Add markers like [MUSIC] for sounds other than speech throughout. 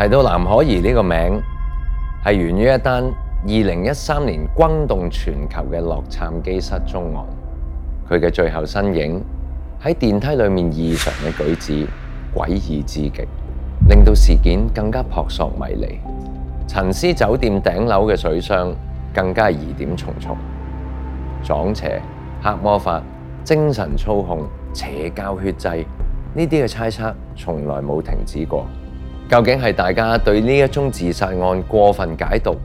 提到藍可兒呢個名，係源於一單二零一三年轟動全球嘅洛杉磯失蹤案。佢嘅最後身影喺電梯裏面異常嘅舉止，詭異至極，令到事件更加撲朔迷離。陳思酒店頂樓嘅水箱更加疑點重重，撞邪、黑魔法、精神操控、邪教血祭，呢啲嘅猜測從來冇停止過。究竟係大家對呢一宗自殺案過分解讀，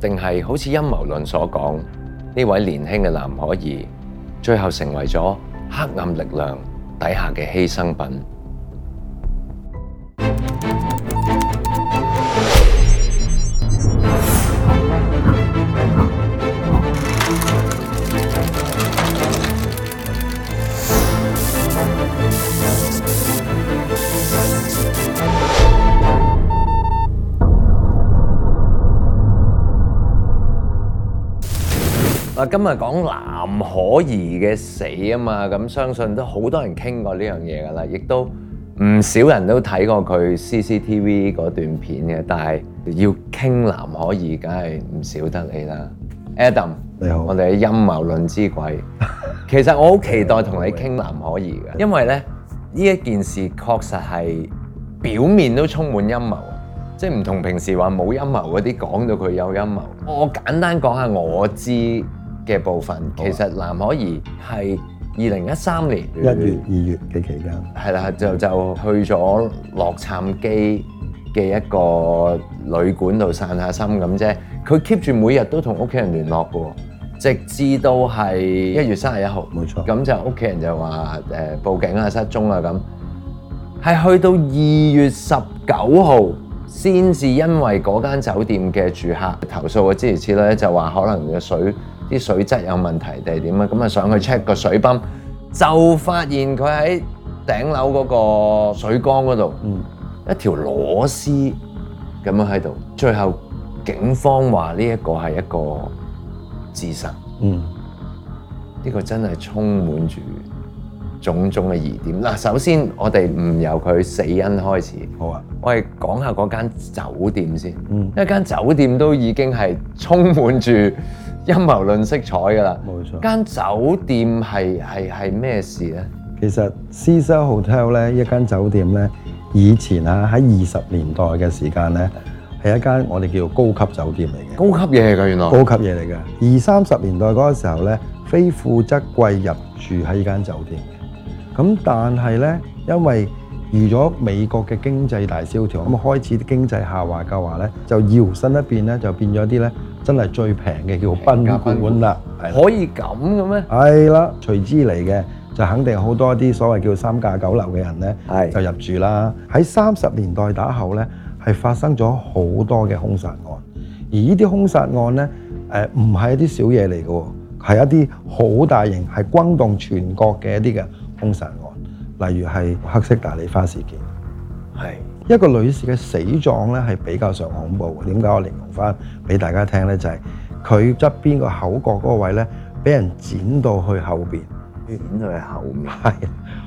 定係好似陰謀論所講，呢位年輕嘅藍可兒最後成為咗黑暗力量底下嘅犧牲品？今日講藍可兒嘅死啊嘛，咁相信都好多人傾過呢樣嘢㗎喇，亦都唔少人都睇過佢 CCTV 嗰段片嘅。但係要傾藍可兒，梗係唔少得你啦，Adam，你好，我哋嘅陰謀論之鬼。 [LAUGHS] 其實我好期待同你傾藍可兒嘅，因為呢呢一件事確實係表面都充滿陰謀，即係唔同平時話冇陰謀嗰啲講到佢有陰謀。我簡單講下我知嘅部分，其實藍可兒係二零一三年一月二月嘅期間係啦，就就去咗洛杉磯嘅一個旅館度散下心咁啫。佢 keep 住每日都同屋企人聯絡嘅，直至到係一月三十一號，冇錯。咁就屋企人就話誒報警啊，失蹤啊咁。係去到二月十九號，先至因為嗰間酒店嘅住客投訴嘅之餘，次咧就話可能嘅水。啲水質有問題定係點啊？咁啊，上去 check 個水泵，就發現佢喺頂樓嗰個水缸嗰度，嗯、一條螺絲咁樣喺度。最後警方話呢一個係一個自殺。嗯，呢個真係充滿住種種嘅疑點。嗱，首先我哋唔由佢死因開始。好啊，我哋講下嗰間酒店先。嗯，一間酒店都已經係充滿住。陰謀論色彩噶啦，冇錯。間酒店係係係咩事咧？其實 Cecil Hotel 咧，一間酒店咧，以前啊喺二十年代嘅時間咧，係一間我哋叫做高級酒店嚟嘅。高級嘢㗎，原來。高級嘢嚟㗎。二三十年代嗰個時候咧，非富則貴入住喺呢間酒店嘅。咁但係咧，因為遇咗美國嘅經濟大蕭條，咁啊開始經濟下滑嘅話咧，就搖身一變咧，就變咗啲咧。真係最平嘅叫賓館啦，班是的可以咁嘅咩？係啦，隨之嚟嘅就肯定好多一啲所謂叫三教九流嘅人呢，的就入住啦。喺三十年代打後呢，係發生咗好多嘅兇殺案，而呢啲兇殺案呢，誒唔係一啲小嘢嚟嘅，係一啲好大型，係轟動全國嘅一啲嘅兇殺案，例如係黑色大理花事件，係。一個女士嘅死狀咧係比較上恐怖嘅，點解我形容翻俾大家聽咧？就係佢側邊個口角嗰個位咧，俾人剪到去後邊，剪到去後面，係，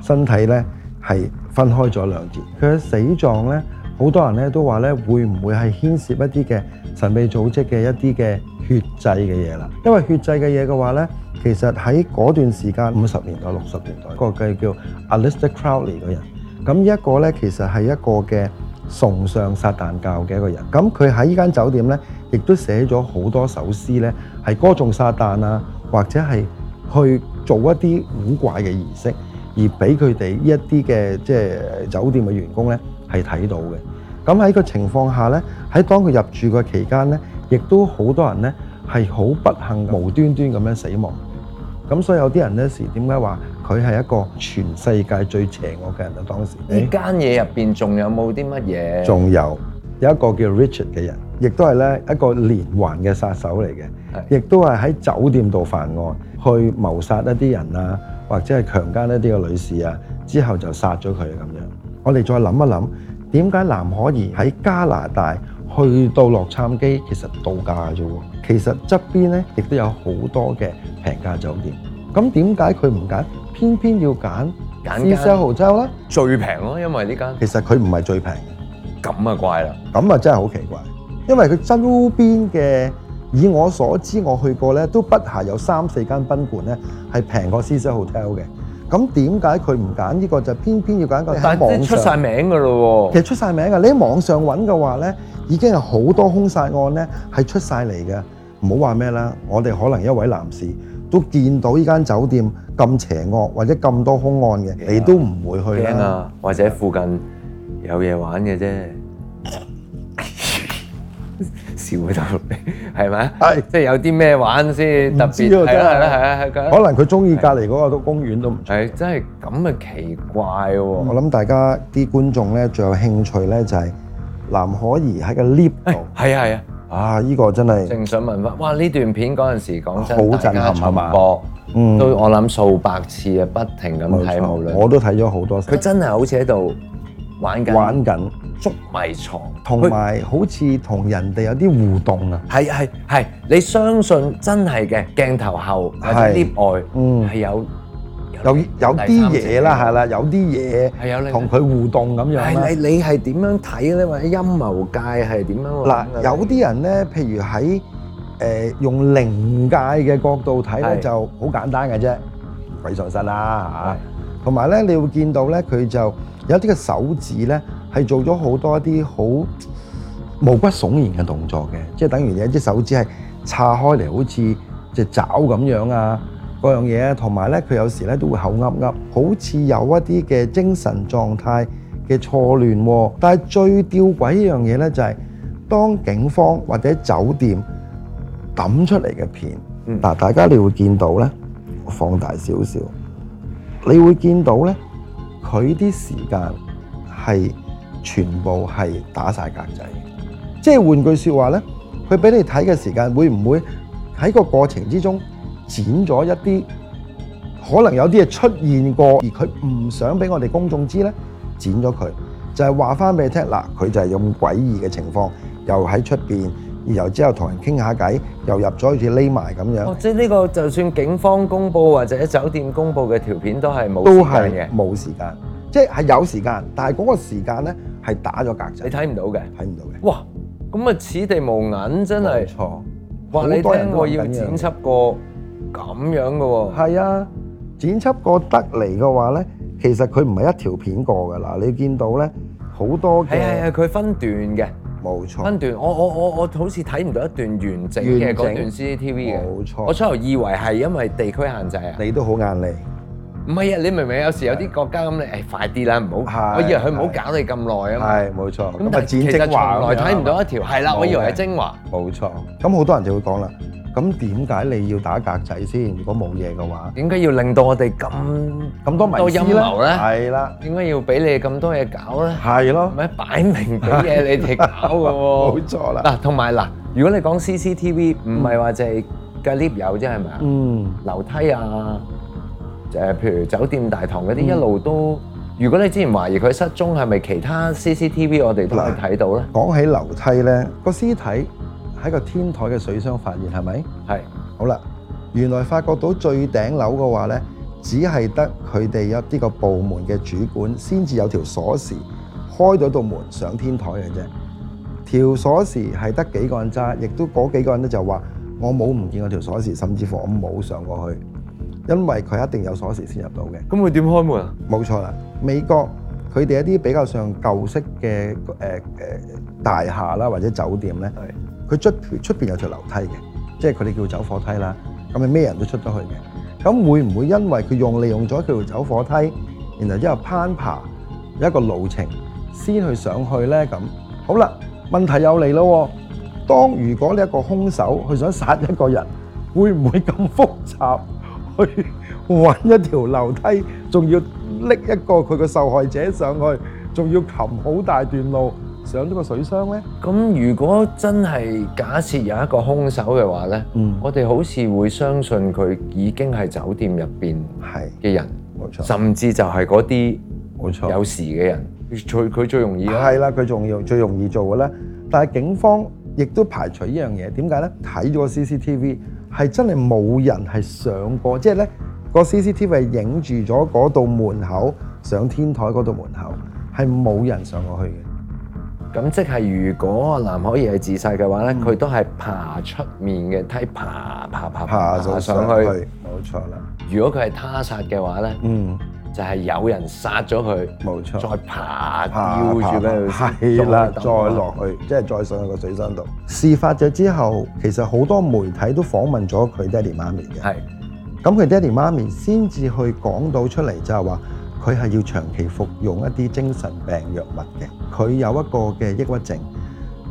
身體咧係分開咗兩截。佢嘅死狀咧，好多人咧都話咧，會唔會係牽涉一啲嘅神秘組織嘅一啲嘅血製嘅嘢啦？因為血製嘅嘢嘅話咧，其實喺嗰段時間五十年代，六十年代，年代嗰個叫叫 Alistair Crowley 嘅人。咁呢一個咧，其實係一個嘅崇尚撒旦教嘅一個人。咁佢喺依間酒店咧，亦都寫咗好多首詩咧，係歌頌撒旦啊，或者係去做一啲古怪嘅儀式，而俾佢哋呢一啲嘅即係酒店嘅員工咧係睇到嘅。咁喺個情況下咧，喺當佢入住嘅期間咧，亦都好多人咧係好不幸無端端咁樣死亡。咁所以有啲人咧時點解話？佢係一個全世界最邪惡嘅人啊！當時呢間嘢入邊仲有冇啲乜嘢？仲有有一個叫 Richard 嘅人，亦都係咧一個連環嘅殺手嚟嘅，亦都係喺酒店度犯案，去謀殺一啲人啊，或者係強姦一啲嘅女士啊，之後就殺咗佢咁樣。我哋再諗一諗，點解藍可兒喺加拿大去到洛杉磯，其實度假啫喎，其實側邊咧亦都有好多嘅平價酒店。咁點解佢唔揀？偏偏要揀 Cecil hotel 啦，最平咯，因為呢間其實佢唔係最平嘅，咁啊怪啦，咁啊真係好奇怪，因為佢周邊嘅以我所知，我去過咧，都不下有三四間賓館咧係平過 Cecil hotel 嘅，咁點解佢唔揀？呢、呢個就係、偏偏要揀一個喺網上但出晒名嘅咯喎，其實出晒名嘅，你喺網上揾嘅話咧，已經係好多兇殺案咧係出晒嚟嘅，唔好話咩啦，我哋可能一位男士。都見到依間酒店咁邪惡，或者咁多兇案嘅，yeah, 你都唔會去了啊？或者附近有嘢玩嘅啫，笑到 [LAUGHS] 嗎，係咪啊？即係有啲咩玩先特別？係啦，係啦，係啦，啊啊啊、可能佢中意隔離嗰個都公園都唔錯。誒、啊，真係咁咪奇怪喎、啊！嗯、我諗大家啲觀眾咧最有興趣咧就係、係、藍可兒喺個 lift 度，係、哎、啊，係啊。啊！呢、呢個真係，正想問翻，哇！呢段片嗰陣時講真，好震撼啊嘛，嗯、都我諗數百次啊，不停咁睇，錯無論我都睇咗好多。佢真係好似喺度玩緊，玩緊捉迷藏，同埋有它好似同人哋有啲互動啊！係係係，你相信真係嘅鏡頭後或啲外係、嗯、有。有有啲嘢啦，係啦，有啲嘢同佢互動咁樣啦。係你你係點樣睇咧？或者陰謀界係點樣？嗱，有啲人咧，譬如喺誒用靈界嘅角度睇咧，就好簡單嘅啫，鬼上身啦吓。同埋咧，你會見到咧，佢就有啲嘅手指咧，係做咗好多啲好毛骨悚然嘅動作嘅，即係等於有一隻手指係叉開嚟，好似隻爪咁樣啊。各樣嘢，同埋咧，佢有時咧都會口噏噏，好似有一啲嘅精神狀態嘅錯亂。但係最吊詭呢樣嘢咧，就係當警方或者酒店抌出嚟嘅片，嗱、嗯，大家你會見到咧，放大少少，你會見到咧，佢啲時間係全部係打晒格仔，即係換句說話咧，佢俾你睇嘅時間會唔會喺個過程之中？剪咗一啲可能有啲嘢出現過，而佢唔想俾我哋公眾知咧，剪咗佢就係話翻俾你聽嗱，佢就係用詭異嘅情況，又喺出邊，然後之後同人傾下偈，又入咗好似匿埋咁樣。哦、即係呢、呢個就算警方公布或者酒店公布嘅條片都係冇時間嘅，冇時間，即係係有時間，但係嗰個時間咧係打咗格仔，你睇唔到嘅，睇唔到嘅。哇！咁啊，此地無銀真係錯。話你聽過要剪輯過。咁樣嘅喎，係啊，剪輯過得嚟嘅話咧，其實佢唔係一條片過嘅喇，你見到咧好多嘅，係係係佢分段嘅，冇錯，分段，我我我我好似睇唔到一段完整嘅嗰段 CCTV 嘅，冇錯，我初頭以為係因為地區限制啊，你都好眼利，唔係啊，你明明有時有啲國家咁你，誒快啲啦，唔好，係，我以為佢唔好搞你咁耐啊嘛，係冇錯，咁但係其實原來睇唔到一條，係啦，我以為係精華，冇錯，咁好多人就會講啦。咁點解你要打格仔先？如果冇嘢嘅話，點解要令到我哋咁咁多迷思咧？係啦，點解要俾你咁多嘢搞咧？係咯，唔係擺明俾嘢你哋搞嘅喎。冇錯啦。嗱，同埋嗱，如果你講 CCTV，唔係話就係個 lift 有啫，係咪啊？嗯。樓梯啊，誒，譬如酒店大堂嗰啲一路都，如果你之前懷疑佢失蹤，係咪其他 CCTV 我哋都係睇到咧？講起樓梯咧，個屍體。喺個天台嘅水箱發現係咪？係是好啦，原來發覺到最頂樓嘅話咧，只係得佢哋有啲個部門嘅主管先至有條鎖匙開咗道門上天台嘅啫。條鎖匙係得幾個人揸，亦都嗰幾個人咧就話我冇唔見嗰條鎖匙，甚至乎我冇上過去，因為佢一定有鎖匙先入到嘅。咁佢點開門啊？冇錯啦，美國佢哋一啲比較上舊式嘅誒誒大廈啦，或者酒店咧。佢出出邊有條樓梯嘅，即係佢哋叫走火梯啦。咁你咩人都出得去嘅。咁會唔會因為佢用利用咗佢條走火梯，然後之後攀爬一個路程先去上去咧？咁好啦，問題又嚟咯。當如果你一個兇手佢想殺一個人，會唔會咁複雜去搵一條樓梯，仲要拎一個佢嘅受害者上去，仲要擒好大段路？上咗個水箱咧，咁如果真係假設有一個兇手嘅話咧，嗯，我哋好似會相信佢已經係酒店入邊係嘅人，冇錯，甚至就係嗰啲冇錯有事嘅人，佢佢最容易係啦，佢仲要最容易做嘅啦。但係警方亦都排除一樣嘢，點解咧？睇咗個 CCTV 係真係冇人係上過，即係咧個 CCTV 係影住咗嗰道門口上天台嗰度門口係冇人上過去嘅。咁即係如果阿藍可兒係自殺嘅話咧，佢都係爬出面嘅梯，爬爬爬爬就上去，冇錯啦。如果佢係他殺嘅話咧，嗯，就係有人殺咗佢，冇錯，再爬要住佢，係啦，再落去，即係再上個水箱度。事發咗之後，其實好多媒體都訪問咗佢爹哋媽咪嘅，係。咁佢爹哋媽咪先至去講到出嚟，就係話，佢係要長期服用一啲精神病藥物嘅，佢有一個嘅抑鬱症。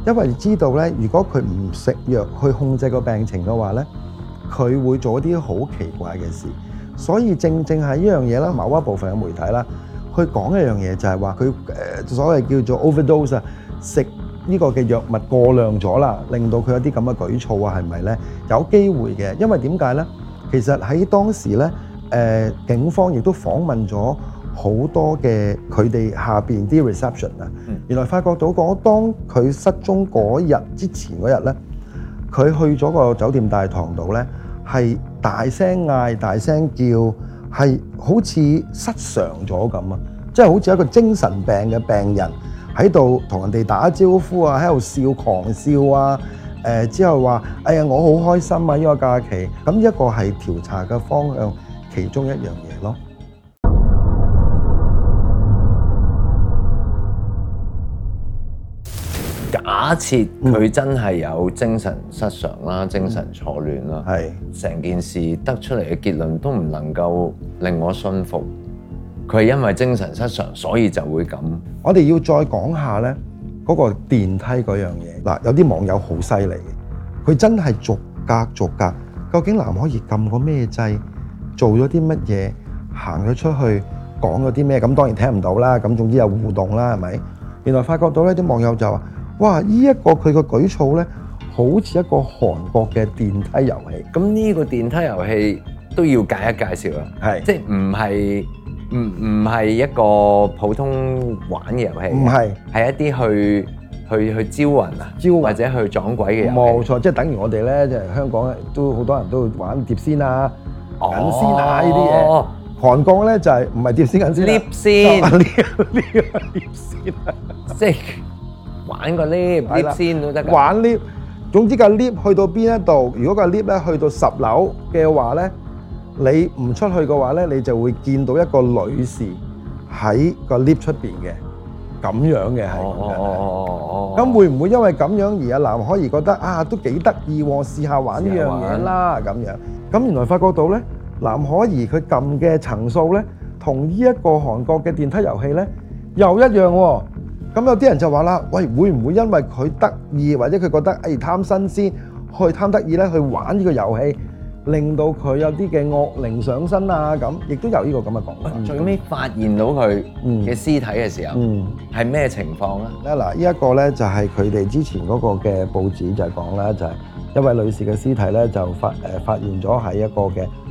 因為知道咧，如果佢唔食藥去控制個病情嘅話咧，佢會做啲好奇怪嘅事。所以正正係呢樣嘢啦，某一部分嘅媒體啦，去講一樣嘢就係話佢，誒所謂叫做 overdose 啊，食呢個嘅藥物過量咗啦，令到佢有啲咁嘅舉措啊，係咪咧？有機會嘅，因為點解咧？其實喺當時咧，誒警方亦都訪問咗。好多嘅佢哋下邊啲 reception 啊，原來發覺到嗰當佢失蹤嗰日之前嗰日咧，佢去咗個酒店大堂度咧，係大聲嗌、大聲叫，係好似失常咗咁啊！即係好似一個精神病嘅病人喺度同人哋打招呼啊，喺度笑狂笑啊！誒之後話哎呀，我好開心啊！呢個假期，咁一個係調查嘅方向其中一樣。假設佢真係有精神失常啦，嗯、精神錯亂啦，係成、嗯、件事得出嚟嘅結論都唔能夠令我信服。佢係因為精神失常，所以就會咁。我哋要再講下呢嗰個電梯嗰樣嘢嗱，有啲網友好犀利嘅，佢真係逐格逐格，究竟藍可兒撳個咩掣，做咗啲乜嘢，行咗出去講咗啲咩？咁當然聽唔到啦。咁總之有互動啦，係咪？原來發覺到呢啲網友就話。哇！呢一個佢個舉措咧，好似一個韓國嘅電梯遊戲。咁呢個電梯遊戲都要介一介紹啦。係，即係唔係唔唔係一個普通玩嘅遊戲？唔係，係一啲去去去招魂啊，招魂或者去撞鬼嘅遊戲。冇錯，即係等於我哋咧，即係香港都好多人都會玩碟仙啊、揾仙啊呢啲嘢。韓國咧就係唔係碟仙揾仙？碟仙，呢個呢個碟仙啊！即係。玩個 lift，lift 先都得。玩 lift，總之個 lift 去到邊一度？如果個 lift 咧去到十樓嘅話咧，你唔出去嘅話咧，你就會見到一個女士喺個 lift 出邊嘅，咁樣嘅係咁嘅。咁會唔會因為咁樣而阿藍可兒覺得啊都幾得意喎？試下玩呢樣嘢啦咁樣。咁原來發覺到咧，藍可兒佢撳嘅層數咧，同呢一個韓國嘅電梯遊戲咧又一樣喎。咁有啲人就話啦，喂，會唔會因為佢得意，或者佢覺得誒貪新鮮，去貪得意咧，去玩呢個遊戲，令到佢有啲嘅惡靈上身啊？咁，亦都有呢個咁嘅講法。最尾發現到佢嘅屍體嘅時候，係咩情況咧？嗱，呢一個咧就係佢哋之前嗰個嘅報紙就係講啦，就係一位女士嘅屍體咧就發誒發現咗喺一個嘅。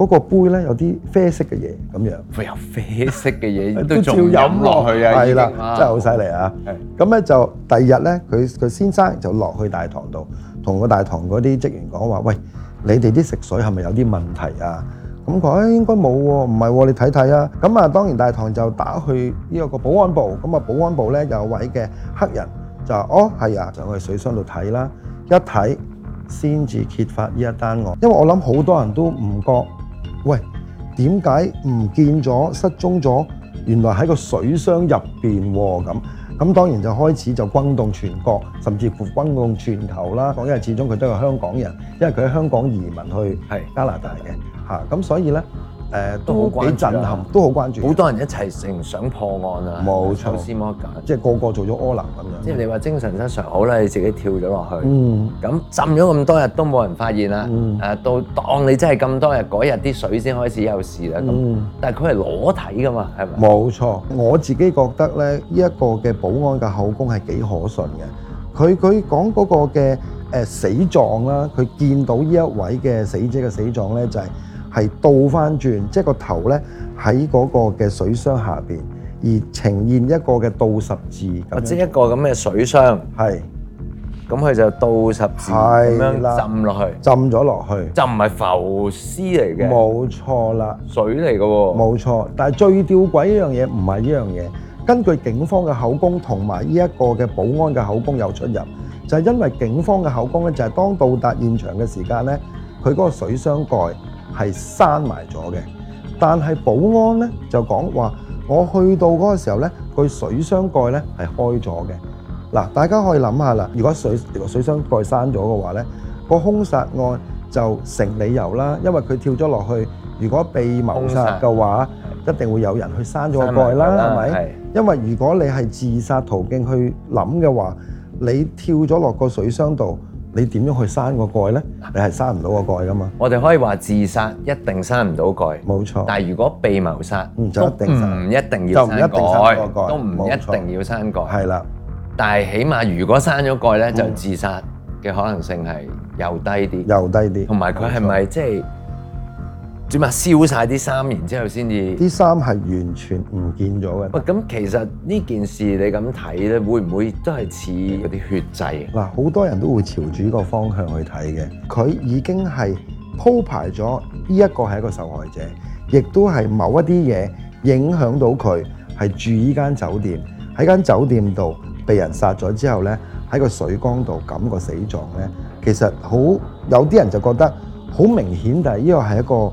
嗰個杯咧有啲啡色嘅嘢咁樣，佢有啡色嘅嘢都照飲落去啊！係啦，真係好犀利啊！咁咧就第二日咧，佢佢先生就落去大堂度，同個大堂嗰啲職員講話：喂，你哋啲食水係咪有啲問題啊？咁佢誒應該冇喎，唔係喎，你睇睇啦。咁啊，當然大堂就打去呢個個保安部，咁啊保安部咧有位嘅黑人就話：哦，係啊，就去水箱度睇啦。一睇先至揭發呢一單案，因為我諗好多人都唔覺。喂，點解唔見咗、失蹤咗？原來喺個水箱入邊喎，咁咁當然就開始就轟動全國，甚至乎轟動全球啦。講，因為始終佢都係香港人，因為佢喺香港移民去加拿大嘅。吓咁所以呢。誒都好鬼震撼，啊、都好關注，好多人一齊成想破案啊！冇錯，摩即係個個做咗柯南咁樣。即係你話精神失常好啦，你自己跳咗落去，咁、嗯、浸咗咁多日都冇人發現啦。誒、嗯啊，到當你真係咁多日嗰日啲水先開始有事啦。咁、嗯，但係佢係裸體噶嘛，係咪？冇錯，我自己覺得咧，呢一個嘅保安嘅口供係幾可信嘅。佢佢講嗰個嘅誒死狀啦，佢見到呢一位嘅死者嘅死狀咧就係、是。係倒翻轉，即係個頭咧喺嗰個嘅水箱下邊，而呈現一個嘅倒十字，或者一個咁嘅水箱，係咁佢就倒十字咁樣浸落去，浸咗落去，浸唔係浮屍嚟嘅，冇錯啦，水嚟嘅喎，冇錯。但係最吊詭依樣嘢唔係依樣嘢，根據警方嘅口供同埋依一個嘅保安嘅口供有出入，就係因為警方嘅口供咧，就係當到達現場嘅時間咧，佢嗰個水箱蓋。係閂埋咗嘅，但係保安呢就講話，我去到嗰個時候呢，佢水箱蓋呢係開咗嘅。嗱，大家可以諗下啦，如果水如果水箱蓋閂咗嘅話呢，個兇殺案就成理由啦，因為佢跳咗落去，如果被謀殺嘅話，殺一定會有人去閂咗個蓋啦，係咪？吧是因為如果你係自殺途徑去諗嘅話，你跳咗落個水箱度。你點樣去閂個蓋咧？你係閂唔到個蓋㗎嘛？我哋可以話自殺一定閂唔到蓋，冇錯。但係如果被謀殺，嗯、就一定殺都唔一定要閂蓋，閂蓋都唔一定要閂蓋，係啦，冇錯。但係起碼如果閂咗蓋咧，嗯、就自殺嘅可能性係又低啲，又低啲。同埋佢係咪即係？點啊！燒晒啲衫，然之後先至啲衫係完全唔見咗嘅。咁其實呢件事你咁睇咧，會唔會都係似嗰啲血祭嗱？好多人都會朝住呢個方向去睇嘅。佢已經係鋪排咗呢一個係一個受害者，亦都係某一啲嘢影響到佢係住依間酒店，喺間酒店度被人殺咗之後咧，喺個水缸度咁個死狀咧，其實好有啲人就覺得好明顯，但係呢個係一個。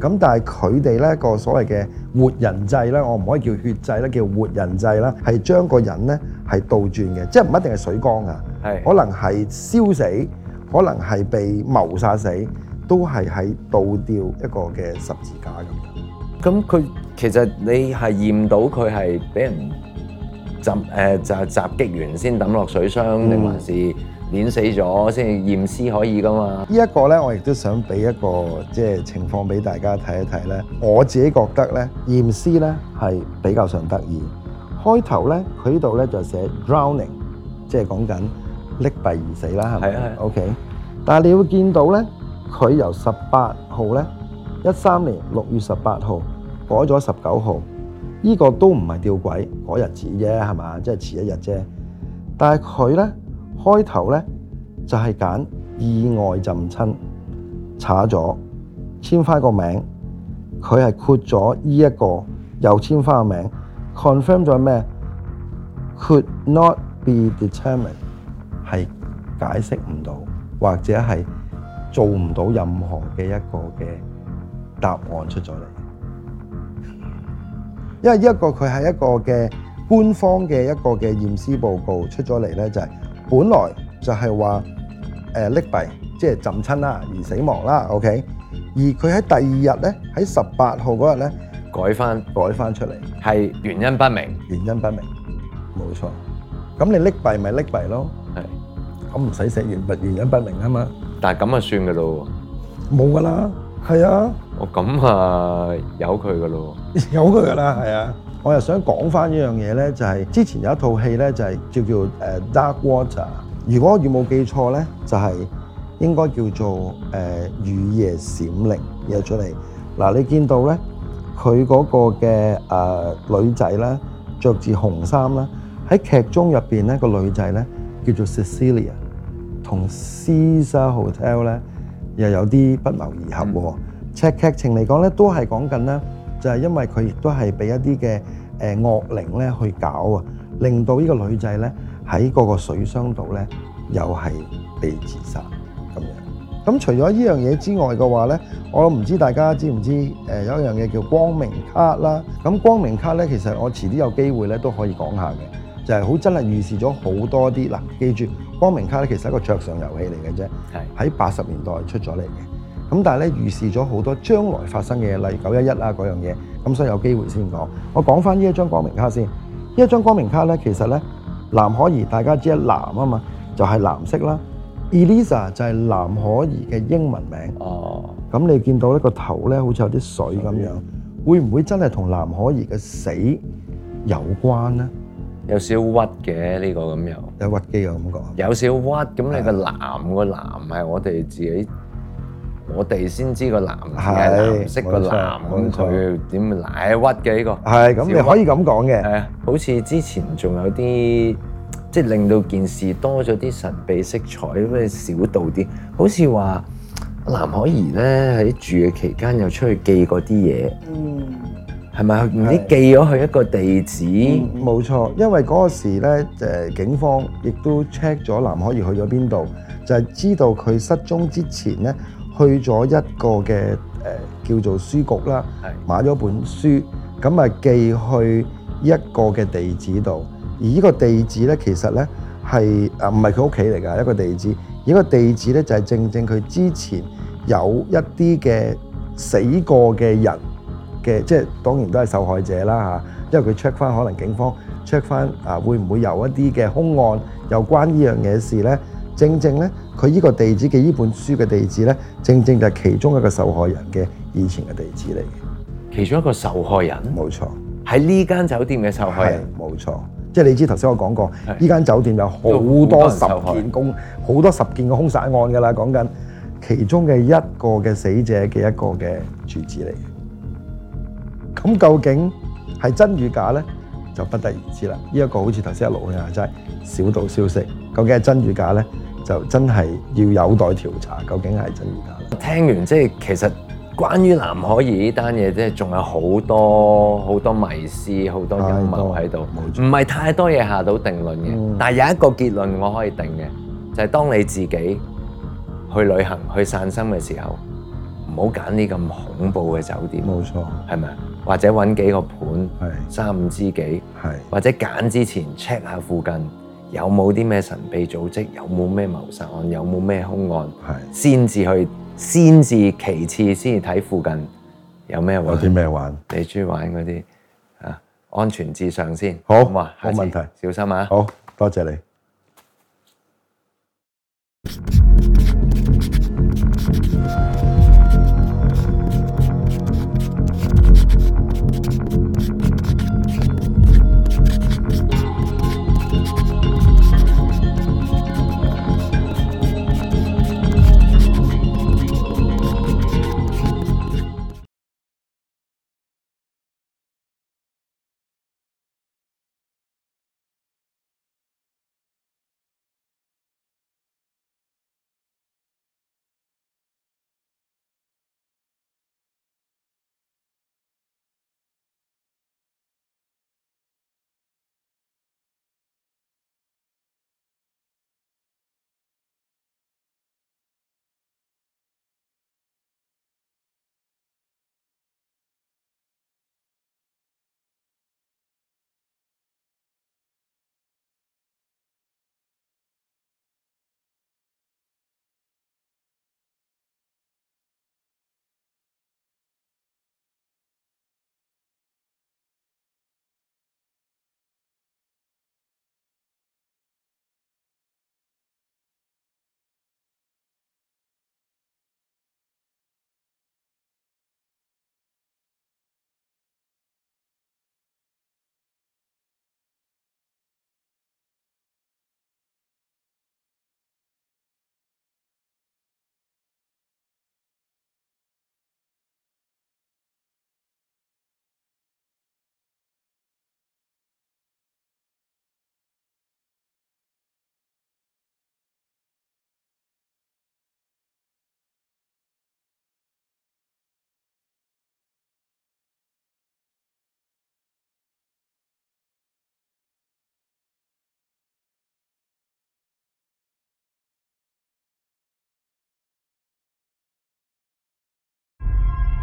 咁但係佢哋咧個所謂嘅活人祭咧，我唔可以叫血祭，咧，叫活人祭啦，係將個人咧係倒轉嘅，即係唔一定係水缸啊，係是可能係燒死，可能係被謀殺死，都係喺倒吊一個嘅十字架咁。咁佢其實你係驗到佢係俾人襲誒就、呃、襲擊完先抌落水箱定、嗯、還是？碾死咗先驗屍可以噶嘛？呢個呢我想俾一個咧，我亦都想俾一個即係情況俾大家睇一睇咧。我自己覺得咧，驗屍咧係比較常得意。開頭咧，佢呢度咧就寫 drowning，即係講緊溺斃而死啦，係咪？係 O K。係。但係你會見到咧，佢由十八號咧，一三年六月十八號改咗十九號。呢、呢個都唔係吊詭嗰日子啫，係嘛？即係遲一日啫。但係佢咧。開頭呢就係、是、揀意外浸親，查咗簽返個名，佢係括咗呢一個又簽返個名，confirm 咗咩？Could not be determined 係解釋唔到，或者係做唔到任何嘅一個嘅答案出咗嚟，因為呢一個佢係一個嘅官方嘅一個嘅驗屍報告出咗嚟呢，就係、是。本來就係話誒溺斃，即係浸親啦而，死亡啦，OK。而佢喺第二日咧，喺十八號嗰日咧改翻、改翻出嚟，係原因不明，原因不明，冇錯。咁你溺斃咪溺斃咯，係。咁唔使寫原，原因不明啊嘛。但係咁啊算噶咯。冇噶啦，係啊。我咁啊，有佢噶咯。有佢噶啦，係啊。我又想講翻一樣嘢咧，就係之前有一套戲咧，就係叫叫誒 Dark Water。如果我冇記錯咧，就係應該叫做誒雨夜閃靈而出嚟。嗱，你見到咧，佢嗰個嘅誒女仔咧，著住紅衫啦。喺劇中入邊咧，個女仔咧叫做 Cecilia，同 Cecil Hotel 咧又有啲不謀而合喎。劇劇情嚟講咧，都係講緊咧。就係因為佢亦都係俾一啲嘅誒惡靈咧去搞啊，令到呢個女仔咧喺嗰個水箱度咧又係被自殺咁樣。咁除咗呢樣嘢之外嘅話咧，我唔知大家知唔知誒、呃、有一樣嘢叫光明卡啦。咁光明卡咧，其實我遲啲有機會咧都可以講下嘅，就係、是、好真係預示咗好多啲嗱。記住，光明卡咧其實係一個桌上遊戲嚟嘅啫，係喺八十年代出咗嚟嘅。咁但係咧預示咗好多將來發生嘅嘢，例如九一一啊嗰樣嘢，咁所以有機會先講。我講翻呢一張光明卡先。呢一張光明卡咧，其實咧，藍可兒大家知係藍啊嘛，就係藍色啦。Elisa 就係藍可兒嘅英文名。哦。咁你見到一個頭咧，好似有啲水咁樣，會唔會真係同藍可兒嘅死有關咧？有少屈嘅呢個咁樣，有屈機嘅感覺。有少屈咁你個藍個藍係我哋自己。我哋先知個藍係藍色個藍咁，佢點奶屈嘅呢個？係咁，你可以咁講嘅。係啊，好似之前仲有啲即係令到件事多咗啲神秘色彩，咩少到啲？好似話藍可兒咧喺住嘅期間又出去寄過啲嘢，嗯，係咪啊？唔知寄咗去一個地址，冇、嗯、錯。因為嗰個時咧，就係警方亦都 check 咗藍可兒去咗邊度，就係知道佢失蹤之前咧。去咗一個嘅誒、呃、叫做書局啦，買咗本書，咁啊寄去一個嘅地址度。而呢個地址咧，其實咧係啊，唔係佢屋企嚟㗎一個地址。而呢個地址咧就係、是、正正佢之前有一啲嘅死過嘅人嘅，即係當然都係受害者啦嚇。因為佢 check 翻可能警方 check 翻啊，會唔會有一啲嘅凶案有關呢樣嘢事咧？正正咧，佢依個地址嘅依本書嘅地址咧，正正就係其中一個受害人嘅以前嘅地址嚟嘅。其中一個受害人，冇錯，喺呢間酒店嘅受害人，冇錯。即係你知頭先我講過，呢間酒店有好多十件工，好多十件嘅兇殺案噶啦，講緊其中嘅一個嘅死者嘅一個嘅住址嚟嘅。咁究竟係真與假咧，就不得而知啦。呢一個好似頭先阿陸兄話齋，小道消息，究竟係真與假咧？就真係要有待調查，究竟係真定假。聽完即係、就是、其實關於藍可兒呢單嘢，即係仲有好多好多迷思、好多陰謀喺度，唔係太多嘢下到定論嘅。嗯、但係有一個結論我可以定嘅，就係、是、當你自己去旅行、去散心嘅時候，唔好揀啲咁恐怖嘅酒店。冇錯，係咪？或者揾幾個伴，三五知己，或者揀之前 check 下附近。有冇啲咩神秘組織？有冇咩謀殺案？有冇咩凶案？係先至去，先至其次先至睇附近有咩玩。有啲咩玩？你中意玩嗰啲啊？安全至上先。好，好啊，冇問題，小心啊。好多謝你。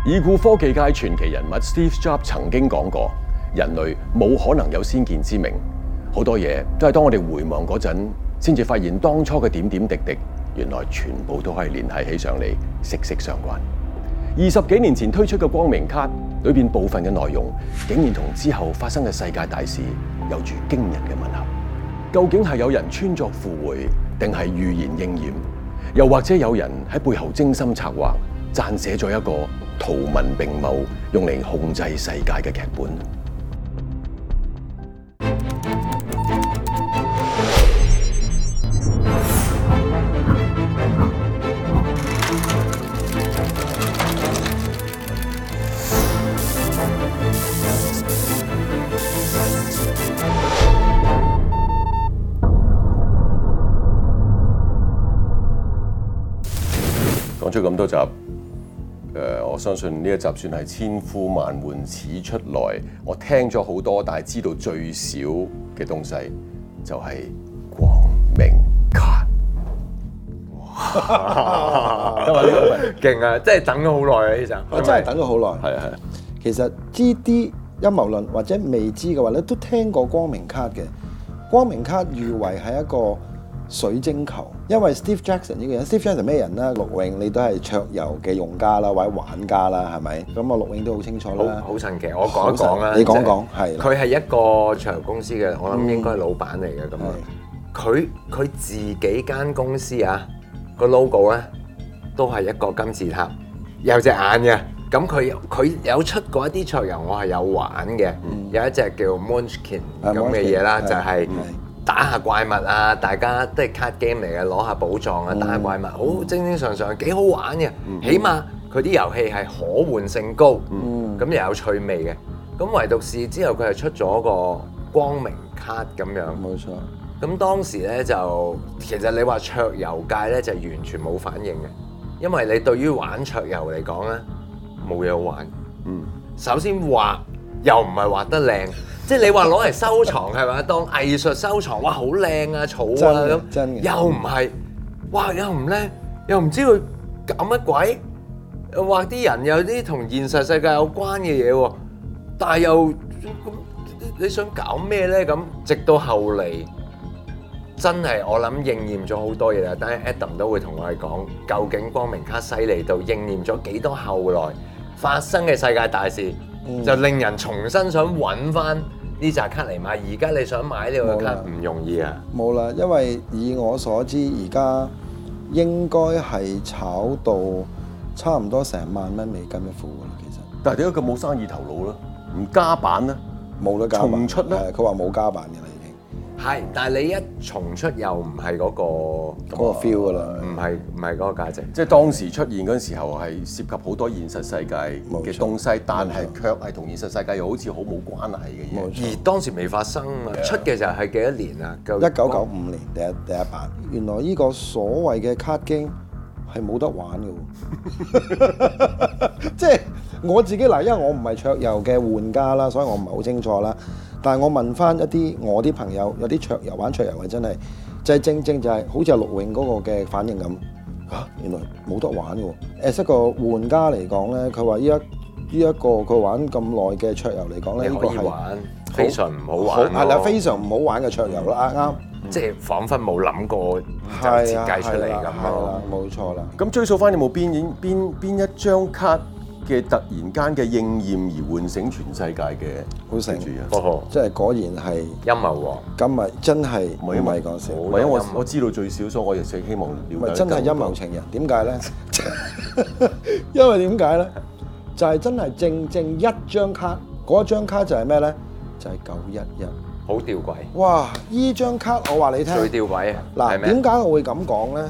已故科技界傳奇人物 Steve Jobs 曾經講過：人類冇可能有先見之明，好多嘢都係當我哋回望嗰陣，先至發現當初嘅點點滴滴，原來全部都可以聯繫起上嚟，息息相關。二十幾年前推出嘅光明卡裏邊部分嘅內容，竟然同之後發生嘅世界大事有住驚人嘅吻合。究竟係有人穿鑿附會，定係預言應驗？又或者有人喺背後精心策劃，撰寫咗一個？圖文並茂，用嚟控制世界嘅劇本。我相信呢一集算係千呼萬喚始出來。我聽咗好多，但係知道最少嘅東西就係、是、光明卡。哇！勁 [LAUGHS] 啊！即係等咗好耐啊，其實。我真係等咗好耐。係啊，係啊。其實知啲陰謀論或者未知嘅話咧，都聽過光明卡嘅。光明卡譽為係一個。水晶球，因為 Steve Jackson 呢個人，Steve Jackson 咩人咧？陸永你都係桌遊嘅用家啦，或者玩家啦，係咪？咁我陸永都好清楚啦。好好神奇，我講一講啦。就係、你講講，係。佢係一個桌遊公司嘅，我諗應該係老闆嚟嘅咁。佢佢自己間公司啊個 logo 咧，都係一個金字塔，有隻眼嘅。咁佢佢有出過一啲桌遊，我係有玩嘅。嗯、有一隻叫 Munchkin 咁嘅嘢、啊、啦，Munchkin，就係、係。打下怪物啊，大家都係卡 game 嚟嘅，攞下寶藏啊，嗯、打下怪物，好、嗯、正正常常，幾好玩嘅。嗯、起碼佢啲遊戲係可玩性高，咁又、嗯、有趣味嘅。咁唯獨是之後佢係出咗個光明卡咁樣，冇錯錯。咁當時咧就其實你話桌遊界咧就是、完全冇反應嘅，因為你對於玩桌遊嚟講咧冇嘢玩。嗯，首先話。又唔係畫得靚，即係你話攞嚟收藏係咪？當藝術收藏，哇，好靚啊，草啊咁，真又唔係，哇，又唔靚，又唔知佢搞乜鬼，又畫啲人有啲同現實世界有關嘅嘢喎，但係又咁你想搞咩咧？咁直到後嚟，真係我諗應驗咗好多嘢啦。但係 Adam 都會同我哋講，究竟光明卡犀利到應驗咗幾多後來發生嘅世界大事？就令人重新想揾翻呢扎卡嚟買。而家你想買呢個卡唔容易啊！冇啦，因為以我所知，而家應該係炒到差唔多成萬蚊美金一副嘅啦，其實，但係點解佢冇生意頭腦咧？唔加版咧？冇得加版？重出咧？佢話冇加版嘅係，但係你一重出又唔係嗰個嗰個 feel 㗎啦，唔係唔係嗰個價值。即係當時出現嗰陣時候係涉及好多現實世界嘅東西，錯但係卻係同現實世界又好似好冇關係嘅嘢。沒錯而當時未發生啊，Yeah. 出嘅時候係幾多年啊？一九九五年第一第一版，原來呢個所謂嘅 card game 係冇得玩嘅。即係 [LAUGHS] [LAUGHS] 我自己嗱，因為我唔係桌遊嘅玩家啦，所以我唔係好清楚啦。但係我問翻一啲我啲朋友，有啲桌遊玩桌遊啊，真係就係、是、正正就係、是、好似阿陸永嗰個嘅反應咁嚇，原來冇得玩㗎喎！誒，一個玩家嚟講咧，佢話依一依一,一個佢玩咁耐嘅桌遊嚟講咧，呢個係玩非常唔好玩，係啊，非常唔好玩嘅桌遊啦，啱啱的對即係彷彿冇諗過就的設計出嚟咁咯，冇錯啦。咁追溯翻，你冇演，邊邊一張卡？嘅突然間嘅應驗而喚醒全世界嘅好神奇啊！即係果然係陰謀，今日真係唔係講笑，因為我我知道最少，所以我亦想希望瞭解真係陰謀情人點解咧？為呢因為點解咧？就係、是、真係正正一張卡，嗰張卡就係咩咧？就係九一一，好吊詭！哇！呢張卡我話你聽最吊詭啊！嗱，點解我會咁講咧？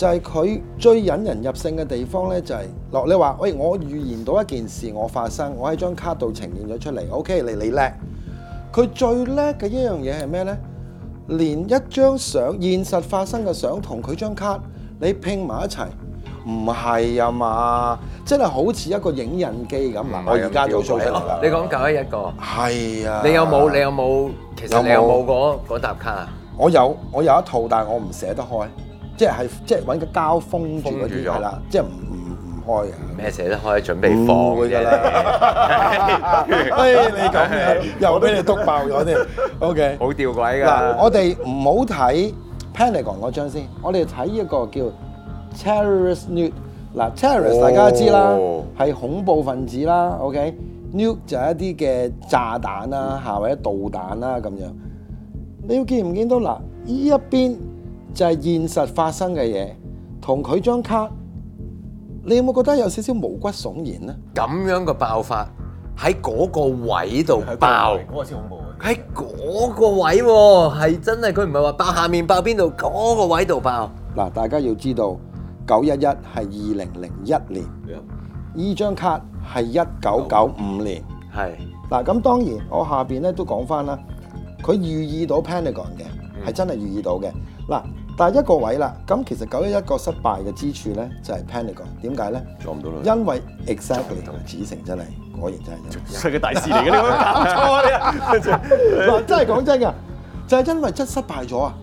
就係佢最引人入勝嘅地方咧，就係、落你話，喂，我預言到一件事，我發生，我喺張卡度呈現咗出嚟，OK，你你叻。佢最叻嘅一樣嘢係咩咧？連一張相，現實發生嘅相同佢張卡，你拼埋一齊，唔係啊嘛，真係好似一個影印機咁。嗱，我而家做出嚟啦，你講夠咗一個，係啊，你有冇，你有冇？你有冇？其實你有冇嗰沓卡啊？我有，我有一套，但係我唔捨得開。即係係即係揾個膠封住嗰啲嘢啦，即係唔唔唔開啊！咩嘢都開，準備放㗎啦！哎，你講嘢又俾你篤爆咗添。 [LAUGHS] OK，好吊詭㗎。嗱，我哋唔好睇 Pentagon 嗰張先，我哋睇一個叫 Terrorist Nuke。嗱，Terrorist 大家都知啦，係、oh. 恐怖分子啦。OK，Nuke、okay? 就係一啲嘅炸彈啦、啊，下或者導彈啦、啊、咁樣。你要見唔見到嗱？呢一邊。就係現實發生嘅嘢，同佢張卡，你有冇覺得有少少毛骨悚然呢？咁樣嘅爆發喺嗰個位度爆，嗰個先、嗯那個、恐怖。喺嗰個位喎，係真係佢唔係話爆下面爆邊度，嗰、嗰個位度爆。嗱，大家要知道，九一一係二零零一年，呢的張卡係一九九五年，係的。嗱咁的當然，我下邊咧都講翻啦，佢預意到 Pentagon 嘅，係的真係預意到嘅。嗱。但係一個位啦，咁其實九一一個失敗嘅之處咧，就係 panic 啊！點解咧？做唔到啦。因為 exactly 同子成真係果然真係出嘅大事嚟嘅， [LAUGHS] 你都搞錯啊！ [LAUGHS] 真係講真㗎，就係、是、因為真失敗咗啊！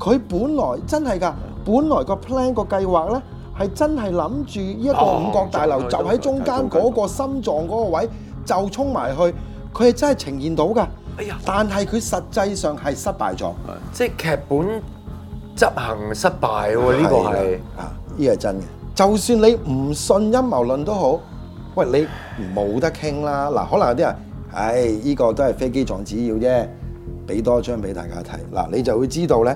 佢本來真係㗎，本來個 plan 個計劃咧，係真係諗住一個五角大樓就喺中間嗰個心臟嗰個位就衝埋去，佢係真係呈現到㗎。哎呀！但係佢實際上係失敗咗，即係劇本。執行失敗喎，呢個係啊，依、啊、個、啊、真嘅。就算你唔信陰謀論都好，喂，你冇得傾啦。嗱、啊，可能有啲人，唉、哎，呢、這個都係飛機撞紙鷂啫。俾多張俾大家睇，嗱、啊，你就會知道咧，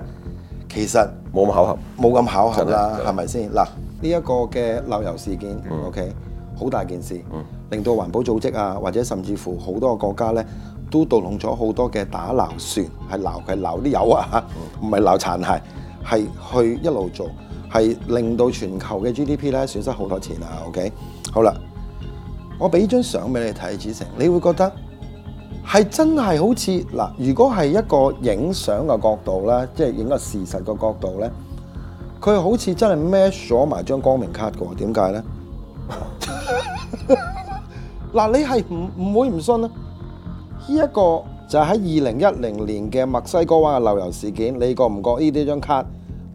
其實冇咁巧合，冇咁巧合啦，係咪先？嗱，呢一、啊這個嘅漏油事件、嗯、，OK，好大件事，嗯、令到環保組織啊，或者甚至乎好多個國家咧，都動用咗好多嘅打撈船，係撈佢撈啲油啊，唔係撈殘骸。係去一路做，係令到全球嘅 GDP 咧損失好多錢啊！OK，好啦，我俾張相俾你睇，子成，你會覺得係真係好似嗱，如果係一個影相嘅角度咧，即係影個事實嘅角度咧，佢好似真係 match 咗埋張光明卡㗎喎？點解咧？嗱， [LAUGHS] 你係唔唔會唔信啊？呢、呢、一個。就喺二零一零年嘅墨西哥灣嘅漏油事件，你覺唔覺呢？呢張卡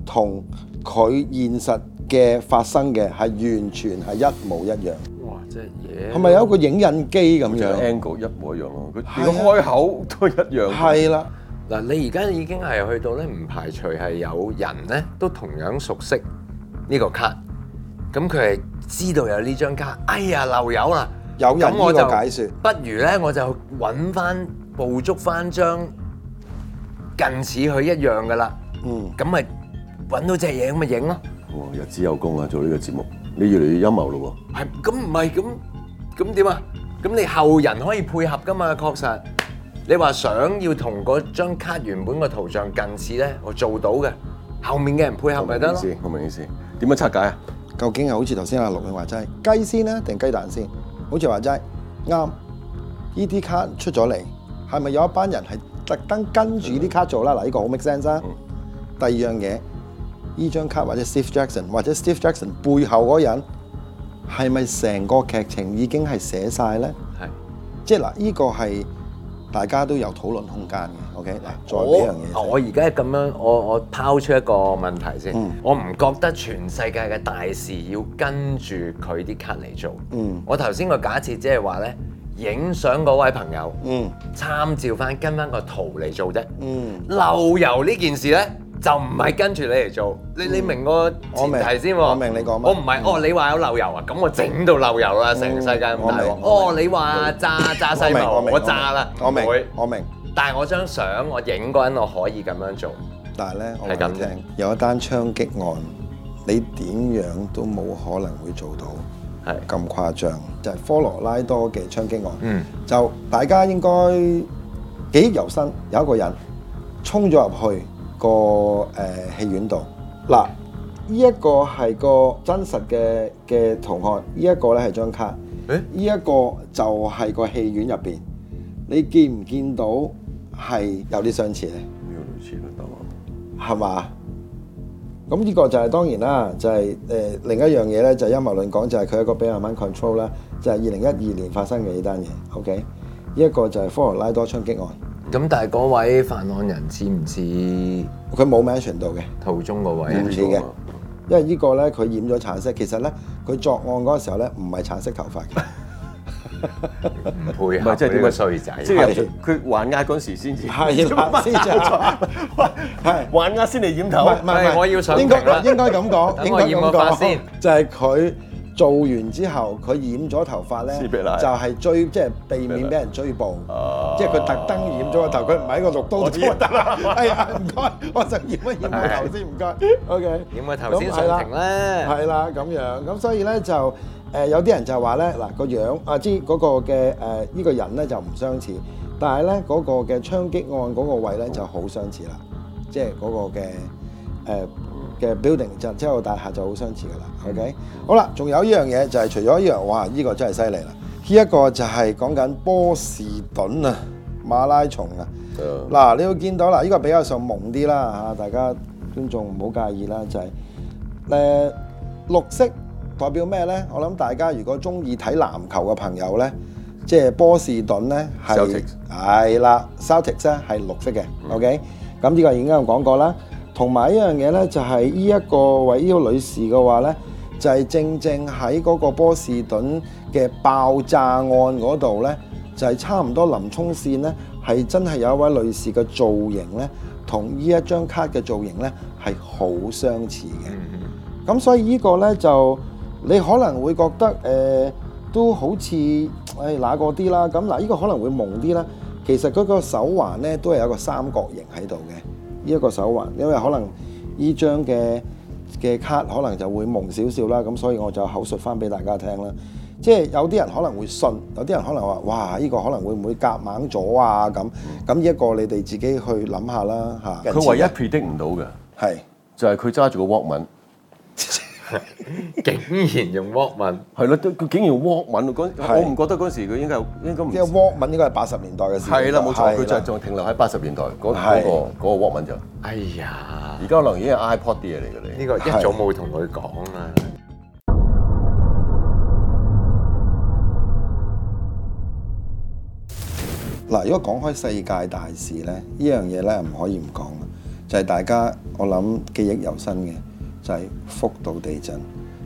同佢現實嘅發生嘅係完全係一模一樣。哇！即係嘢，係咪有一個影印機咁樣？Angle 一模一樣咯，佢連個開口都一樣。係啦，嗱，你而家已經係去到咧，唔排除係有人咧都同樣熟悉呢個卡，咁佢係知道有呢張卡。哎呀，漏油啦！有人呢個解説，不如咧我就揾翻。捕捉翻張近似佢一樣嘅啦，嗯，咁咪揾到隻嘢咁咪影咯。哦！日子有功啊，做呢個節目，你越嚟越陰謀咯喎。係咁唔係咁咁點啊？咁你後人可以配合噶嘛？確實，你話想要同嗰張卡原本個圖像近似咧，我做到嘅。後面嘅人配合咪得咯？我明意思，我明意思。點樣拆解啊？究竟係好似頭先阿陸永話齋雞先啦，定雞蛋先？好似話齋啱，依啲卡出咗嚟。係咪有一班人係特登跟住啲卡做啦？嗱，呢個好 make sense 啊！嗯、第二樣嘢，呢張卡或者 Steve Jackson 或者 Steve Jackson 背後嗰人，係咪成個劇情已經係寫晒咧？係是，即係嗱，呢個係大家都有討論空間嘅。OK，嗱，再呢樣嘢。我而家係咁樣，我我拋出一個問題先。嗯、我唔覺得全世界嘅大事要跟住佢啲卡嚟做。嗯，我頭先個假設即係話咧。影相嗰位朋友，嗯，參照翻跟翻個圖嚟做啫。嗯，漏油呢件事咧就唔係跟住你嚟做。你你明個前提先喎。我明你講乜？我唔係。哦，你話有漏油啊？咁我整到漏油啦，成世界咁大喎。哦，你話炸炸世貿，我炸啦。我明。我明。但係我張相我影嗰陣我可以咁樣做。但係咧，我話你聽，有一單槍擊案，你點樣都冇可能會做到。咁誇張，就係、是、科羅拉多嘅槍擊案，嗯、就大家應該記憶猶新，有一個人衝咗入去、那個誒、呃、戲院度。嗱，呢、這、一個係個真實嘅嘅圖案，呢、這個、一個咧係張卡，誒、欸，呢一個就係個戲院入邊，你見唔見到係有啲相似咧？似得喎，係嘛？咁呢個就係、是、當然啦，就係、是、誒、呃、另一樣嘢咧，就是、陰謀論講就係、是、佢一個比較 mind control 啦，就係二零一二年發生嘅呢單嘢。OK，呢一個就係科羅拉多槍擊案。咁但係嗰位犯案人似唔似？佢冇 mention 到嘅途中嗰位置。唔似嘅，因為這個呢個咧佢染咗橙色，其實咧佢作案嗰個時候咧唔係橙色頭髮嘅。 [LAUGHS] 唔配合，即係點解？衰仔，即係佢還押嗰時先至，係先至，唔係還押先嚟染頭，唔係唔係，我要染。應該應該咁講，應該咁講，就係佢做完之後，佢染咗頭髮咧，就係追即係避免俾人追捕。哦，即係佢特登染咗個頭，佢唔係一個綠刀度得啦。係啊，唔該，我就染一染個頭先，唔該。OK，染個頭先，上庭咧，係啦，咁樣咁，所以咧就。誒、呃、有啲人就話咧，嗱個樣啊，知嗰個嘅誒呢個人咧就唔相似，但係咧嗰個嘅槍擊案嗰個位咧就好相似啦，即係嗰個嘅誒嘅 building 就即係、就是、大廈就好相似㗎啦。OK、嗯、好啦，仲有一樣嘢就係、是、除咗呢樣，哇！呢、這個真係犀利啦。呢、這、一個就係講緊波士頓啊馬拉松啊。嗱、嗯，你會見到啦，呢、這個比較上朦啲啦嚇，大家觀眾唔好介意啦，就係、是、誒、呃、綠色。代表咩咧？我諗大家如果中意睇籃球嘅朋友咧，即係波士頓咧係係啦，Celtics 咧係綠色嘅。Mm. OK，咁呢個已經了有講過啦。同埋一樣嘢咧，就係呢一個位呢位女士嘅話咧，就係、是、正正喺嗰個波士頓嘅爆炸案嗰度咧，就係、是、差唔多林衝線咧，係真係有一位女士嘅造型咧，同呢一張卡嘅造型咧係好相似嘅。咁、mm hmm. 所以呢個呢個咧就你可能會覺得誒、呃、都好似誒哪個啲啦，咁嗱呢個可能會蒙啲啦。其實嗰個手環咧都係有一個三角形喺度嘅，呢、這、一個手環，因為可能呢張嘅嘅卡可能就會蒙少少啦，咁所以我就口述翻俾大家聽啦。即係有啲人可能會信，有啲人可能話哇呢、這個可能會唔會夾硬咗啊咁，咁呢一個你哋自己去諗下啦嚇。佢唯一 predict 唔到嘅係就係佢揸住個 walkman。竟然用 walkman，係咯，佢竟然用 walkman 啊！嗰，我唔覺得嗰時佢應該應該唔 walkman，應該係八十年代嘅事。係啦，冇錯，佢就仲停留喺八十年代嗰嗰個嗰個 walkman 就。哎呀！而家可能已經係 iPod 啲嘢嚟嘅你。呢個一早冇同佢講啦。嗱，如果講開世界大事咧，呢樣嘢咧唔可以唔講嘅，就係大家我諗記憶猶新嘅。就福島地震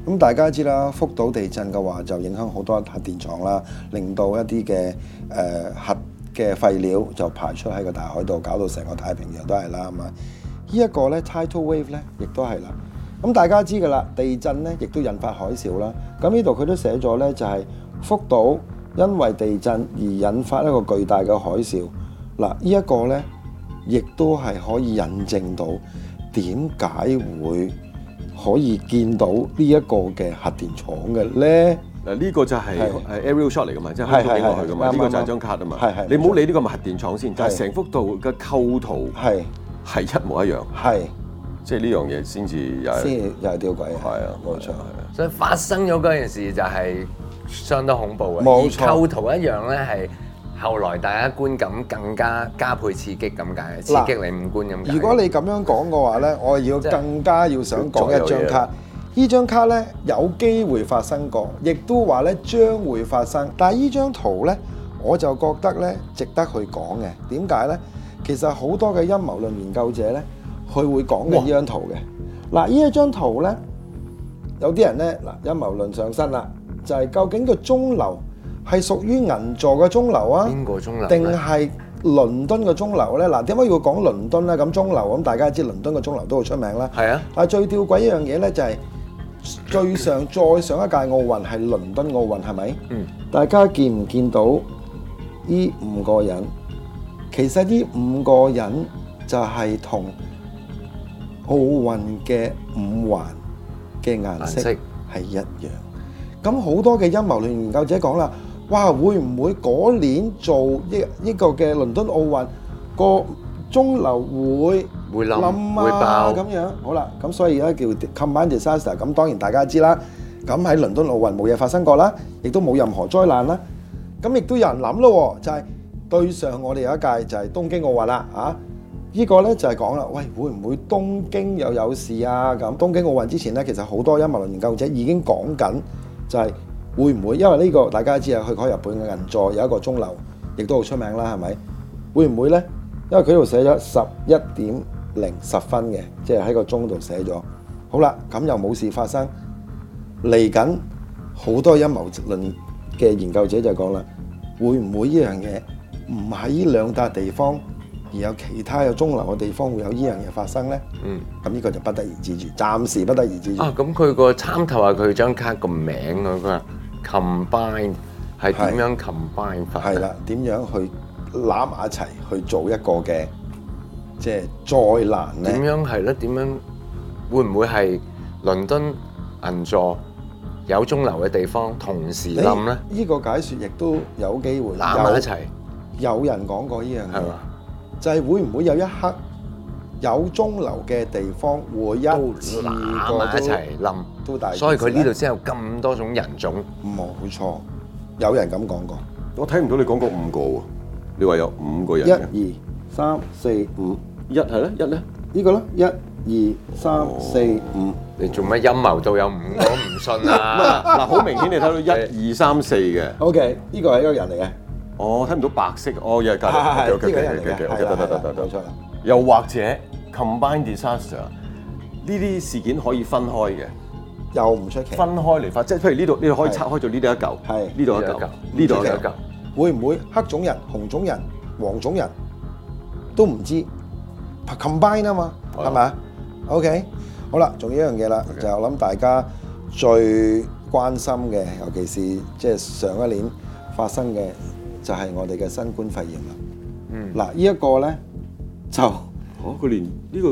咁，大家知啦。福島地震嘅話，就影響好多核電廠啦，令到一啲嘅、呃、核嘅廢料就排出喺個大海度，搞到成個太平洋都係啦，係嘛。咁啊，呢一個咧，Tidal Wave 咧，亦都係啦。咁大家知噶啦，地震咧亦都引發海嘯啦。咁呢度佢都寫咗咧，就係福島因為地震而引發一個巨大嘅海嘯嗱。呢一個咧，亦都係可以印證到點解會。可以見到呢一個嘅核電廠嘅咧，嗱呢個就係係 Aerial Shot 嚟嘅是嘛，即係空中飛落去嘅嘛，呢個就係張卡啊嘛，係係，你唔好理呢個核電廠先，是是但係成幅圖嘅構圖係係一模一樣，係是即係呢樣嘢先至有係先又係掉鬼啊，係啊，冇錯，所以發生咗嗰件事就係相當恐怖嘅，冇錯錯構圖一樣咧係。後來大家觀感更加加倍刺激咁解，刺激你五官。咁。如果你咁樣講嘅話呢，我要更加要想講一張卡。呢張卡呢，有機會發生過，亦都話呢將會發生。但係呢張圖呢，我就覺得呢值得去講嘅。點解呢？其實好多嘅陰謀論研究者呢，佢會講緊呢張圖嘅。嗱哇，呢一張圖呢，有啲人呢，嗱陰謀論上身啦，就係、是、究竟個中流。係屬於銀座嘅鐘樓啊？邊個鐘樓？定係倫敦嘅鐘樓咧？嗱，點解要講倫敦咧？咁鐘樓，咁大家知倫敦嘅鐘樓都好出名啦。係啊！但係最吊詭一樣嘢咧，就係最上再上一屆奧運係倫敦奧運係咪？嗯。大家見唔見到呢五個人？其實呢五個人就係同奧運嘅五環嘅顏色係一樣。咁好多嘅陰謀論研究者講啦。哇！會唔會嗰年做依依個嘅倫敦奧運個中流會會諗啊咁樣？好啦，咁所以而家叫 Command disaster。咁當然大家知啦。咁喺倫敦奧運冇嘢發生過啦，亦都冇任何災難啦。咁亦都有人諗咯，就係對上我哋有一屆就係東京奧運啦。啊，依個咧就係講啦，喂，會唔會東京又有事啊？咁東京奧運之前咧，其實好多陰謀論研究者已經講緊就係。會唔會？因為呢個大家知啊，去開日本嘅銀座有一個鐘樓，亦都好出名啦，係咪？會唔會咧？因為佢度寫咗十一點零十分嘅，即係喺個鐘度寫咗。好啦，咁又冇事發生。嚟緊好多陰謀論嘅研究者就講啦，會唔會呢樣嘢唔喺呢兩笪地方，而有其他有鐘樓嘅地方會有呢樣嘢發生咧？嗯，咁呢個就不得而知住，暫時不得而知。啊，咁佢個參透係佢張卡個名啊，佢話。combine 係點樣 combine 法？係啦，點樣去攬埋一齊去做一個嘅即係再難咧？點樣係咧？點樣會唔會係倫敦銀座有中流嘅地方同時冧咧？呢個解說亦都有機會攬埋一齊。有人講過呢樣嘢，係嘛，就係會唔會有一刻？有鐘樓嘅地方會一兩個一齊冧，所以佢呢度先有咁多種人種。冇錯，有人咁講過，我睇唔到你講過五個喎。你話有五個人？一二三四五，一係咧，一咧，呢個咧，一二三四五。你做咩陰謀都有五？我唔信啊！嗱，好明顯你睇到一二三四嘅。O K，呢個係一個人嚟嘅。哦，睇唔到白色，哦又係隔籬。係係係，得得得得得。又或者。Combined disaster 呢啲事件可以分開嘅，又唔出奇。分開嚟發，即係譬如呢度，你可以拆開做呢度一嚿，係呢度一嚿，呢度一嚿。會唔會黑種人、紅種人、黃種人都唔知？Combine 啊嘛，係咪啊？OK，好啦，仲有一樣嘢啦，就我諗大家最關心嘅，尤其是即係上一年發生嘅，就係我哋嘅新冠肺炎啦。嗯，嗱，呢一個咧就。哦，佢連呢個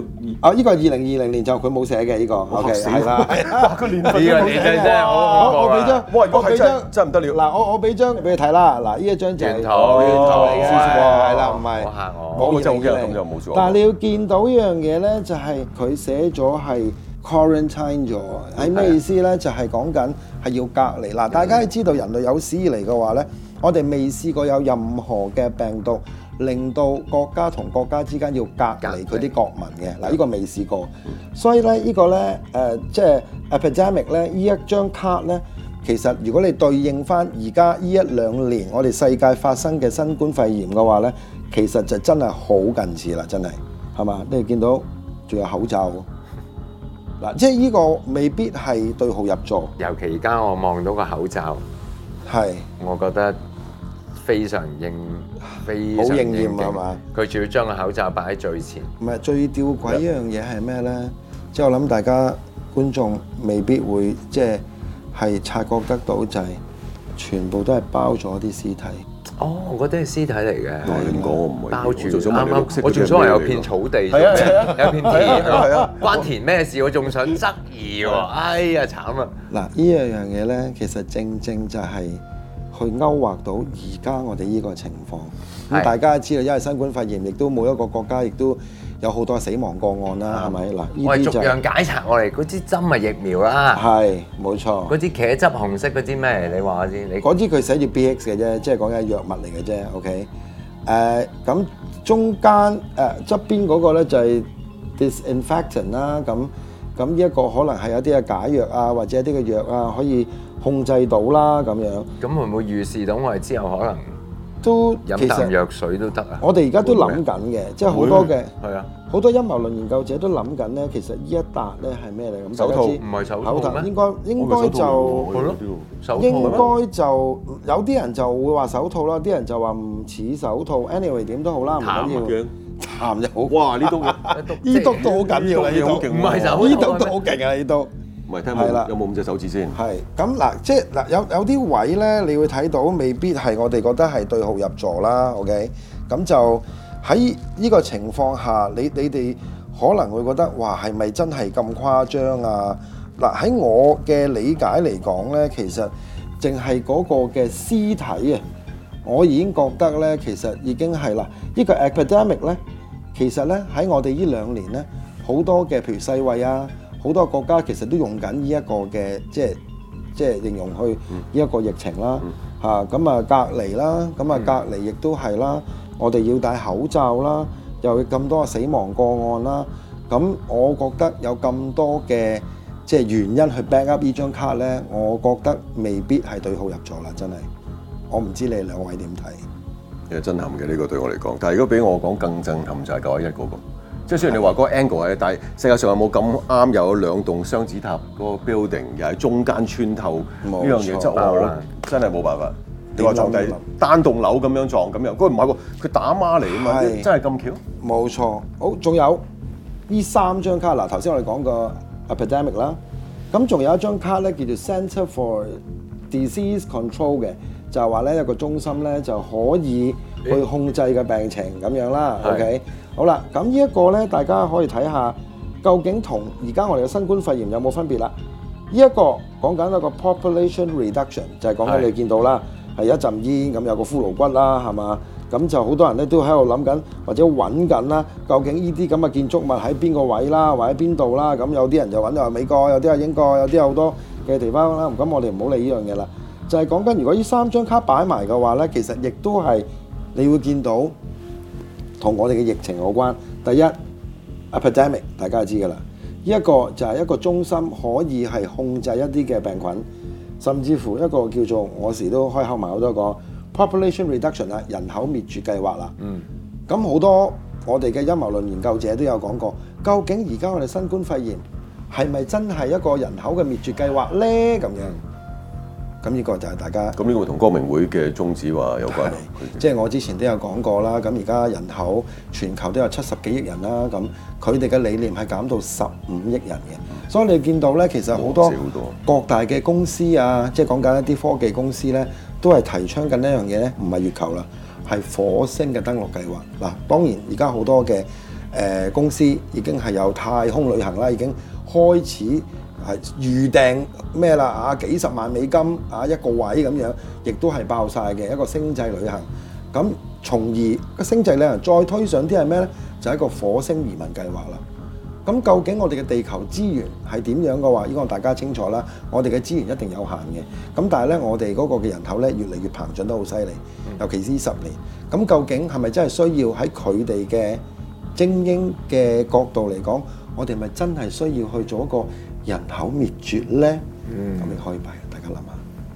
啊，呢個係二零二零年就佢冇寫嘅呢個，OK，係啦。哇，佢連佢冇寫。呢個年真係好我俾張，我俾張真唔得了。嗱，我我俾張俾你睇啦。嗱，呢一張就係鏡頭，鏡頭嚟嘅係啦，唔係。我嚇我，我個真好嘅咁就冇錯。但係你要見到呢樣嘢咧，就係佢寫咗係 quarantine 咗，係咩意思咧？就係講緊係要隔離。嗱，大家知道人類有史以嚟嘅話咧，我哋未試過有任何嘅病毒，令到國家同國家之間要隔離佢啲國民嘅。嗱，呢壁個未試過，所以咧、呢、呢個咧誒，即、呃、係、係、epidemic 咧，呢一張卡咧，其實如果你對應翻而家呢一兩年我哋世界發生嘅新冠肺炎嘅話咧，其實就真係好近似啦，真係係嘛？你見到仲有口罩。嗱，即係呢個未必係對號入座，尤其而家我望到個口罩係，是我覺得。非常認，非常應驗㗎嘛？佢仲要將個口罩擺喺最前。唔係最吊詭一樣嘢係咩咧？即係我諗大家觀眾未必會即係係察覺得到就係全部都係包咗啲屍體。哦，我覺得係屍體嚟嘅。我唔會包住，啱啱我仲想話有片草地，有片田，啊，關田咩事？我仲想質疑喎。哎呀，慘啦！嗱，呢樣樣嘢咧，其實正正就係。去勾畫到而家我哋依個情況，咁大家知道，因為新冠肺炎，亦都冇一個國家，亦都有好多死亡個案啦，係咪？嗱，我係逐樣解拆我哋嗰支針咪疫苗啦，係冇錯。嗰支茄汁紅色嗰支咩？你話下先。嗰支佢寫住 BX 嘅啫，即係講緊藥物嚟嘅啫。OK，誒咁中間，誒側邊嗰個咧就係 disinfectant 啦。咁咁依一個可能係有啲嘅解藥啊，或者啲嘅藥啊可以。控制到啦，咁樣。咁會唔會預示到我哋之後可能都飲啖藥水都得啊？我哋而家都諗緊嘅，即係好多嘅，係啊，好多陰謀論研究者都諗緊咧。其實呢一笪咧係咩嚟？手套唔係手套咩？應該應該就係咯。手套咩？應該就有啲人就會話手套啦，啲人就話唔似手套。Anyway 點都好啦，唔緊要。鹹又好，哇！呢度呢度都好緊要啦，呢度唔係就呢度都好勁啊，呢度。唔係，聽冇？有冇五隻手指先？係咁嗱，即係嗱，有有啲位咧，你會睇到未必係我哋覺得係對號入座啦。OK，咁就喺呢個情況下，你你哋可能會覺得嘩係咪真係咁誇張啊？嗱，喺我嘅理解嚟講咧，其實淨係嗰個嘅屍體啊，我已經覺得咧，其實已經係啦。呢個 Epidemic 咧，其實咧喺我哋呢兩年咧，好多嘅譬如世衛啊。好多國家其實都用緊呢一個嘅，即係即係形容去呢一個疫情啦，吓咁啊隔離啦，咁啊隔離亦都係啦，我哋要戴口罩啦，又咁多死亡個案啦，咁我覺得有咁多嘅即係原因去 back up 呢張卡咧，我覺得未必係對號入座啦，真係。我唔知你兩位點睇？有震撼嘅呢個對我嚟講，但係如果俾我講更震撼就係九一一個咁。即係雖然你話嗰個 angle 係，的但係世界上有冇咁啱有兩棟雙子塔嗰個 building 又喺中間穿透呢樣嘢？沒錯真係冇辦法。樓你話撞第單棟樓咁樣撞咁又？嗰個唔係喎，佢樓打孖嚟啊嘛，的真係咁巧？冇錯。好，仲有呢三張卡嗱，頭先我哋講過 epidemic 啦，咁仲有一張卡咧，叫做 Center for Disease Control 嘅，就係話咧有個中心咧就可以去控制個病情咁、嗯、樣啦。的 OK。好啦，咁呢一個呢，大家可以睇下，究竟同而家我哋嘅新冠肺炎有冇分別啦？呢一個講緊一個 population reduction，就係講緊你見到啦，係一陣煙咁，有個骷髏骨啦，係嘛，咁就好多人呢都喺度諗緊或者揾緊啦，究竟呢啲咁嘅建築物喺邊個位啦，或者邊度啦？咁有啲人就揾到話美國，有啲係英國，有啲好多嘅地方啦。咁我哋唔好理呢樣嘢啦，就係講緊如果呢三張卡擺埋嘅話呢，其實亦都係你會見到。同我哋嘅疫情有關，第一，epidemic，大家知噶啦，呢一個就係一個中心可以係控制一啲嘅病菌，甚至乎一個叫做我時都開口埋好多個 population reduction 啦，人口滅絕計劃啦。嗯，咁好多我哋嘅陰謀論研究者都有講過，究竟而家我哋新冠肺炎係咪真係一個人口嘅滅絕計劃咧？咁樣。咁呢個就係大家，咁呢個同光明會嘅宗旨話有關，即係、就是、我之前都有講過啦。咁而家人口全球都有七十幾億人啦，咁佢哋嘅理念係減到十五億人嘅，嗯、所以你見到呢，其實好多、哦、多各大嘅公司啊，即係講緊一啲科技公司呢，都係提倡緊一樣嘢呢，唔係月球啦，係火星嘅登陸計劃。嗱，當然而家好多嘅誒、呃、公司已經係有太空旅行啦，已經開始。係預訂咩啦啊？幾十萬美金啊一個位咁樣，亦都係爆晒嘅一個星際旅行。咁從而個星際旅行再推上啲係咩呢？就係一個火星移民計劃啦。咁究竟我哋嘅地球資源係點樣嘅話？呢個大家清楚啦。我哋嘅資源一定有限嘅。咁但係呢，我哋嗰個嘅人口呢，越嚟越膨脹得好犀利，嗯、尤其是呢十年。咁究竟係咪真係需要喺佢哋嘅精英嘅角度嚟講，我哋係咪真係需要去做一個？人口滅絕咧，咁咪、嗯、開弊？大家諗下。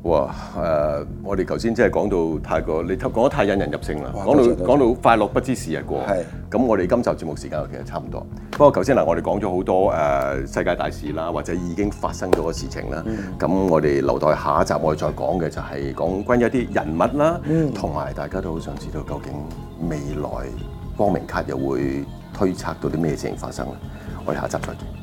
哇！誒、呃，我哋頭先即係講到泰國，你講得太引人入勝啦。講到講到快樂不知時日過。係。咁是我哋今集節目時間其實差唔多。不過頭先嗱，我哋講咗好多誒、呃、世界大事啦，或者已經發生咗嘅事情啦。咁、嗯、我哋留待下一集我哋再講嘅就係講關於一啲人物啦，同埋、嗯、大家都好想知道究竟未來光明卡又會推測到啲咩事情發生咧。我哋下一集再見。